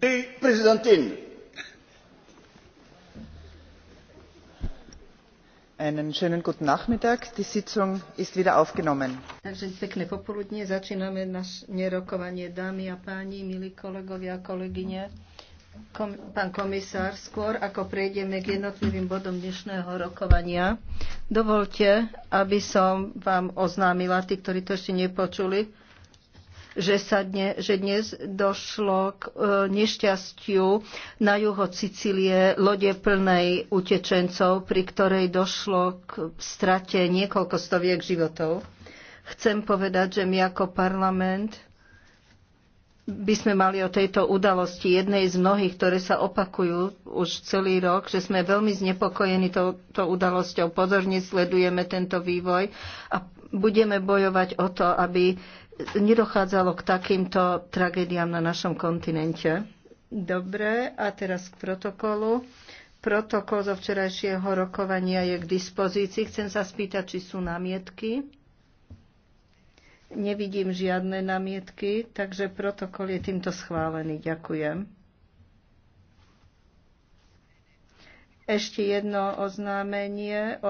Präsidentin! Einen schönen guten Nachmittag. Die Sitzung ist wieder aufgenommen. Takže pekné popoludnie Začíname naše rokovanie, dámy a páni, milí kolegovia a kolegyne. pán komisár, skôr ako prejdeme k jednotlivým bodom dnešného rokovania, dovolte, aby som vám oznámila, tí, ktorí to ešte nepočuli, že, sa dne, že dnes došlo k e, nešťastiu na juho Sicílie lode plnej utečencov, pri ktorej došlo k strate niekoľko stoviek životov. Chcem povedať, že my ako parlament by sme mali o tejto udalosti, jednej z mnohých, ktoré sa opakujú už celý rok, že sme veľmi znepokojení touto udalosťou, pozorne sledujeme tento vývoj a budeme bojovať o to, aby nedochádzalo k takýmto tragédiám na našom kontinente. Dobre, a teraz k protokolu. Protokol zo včerajšieho rokovania je k dispozícii. Chcem sa spýtať, či sú námietky. Nevidím žiadne námietky, takže protokol je týmto schválený. Ďakujem. Ešte jedno oznámenie.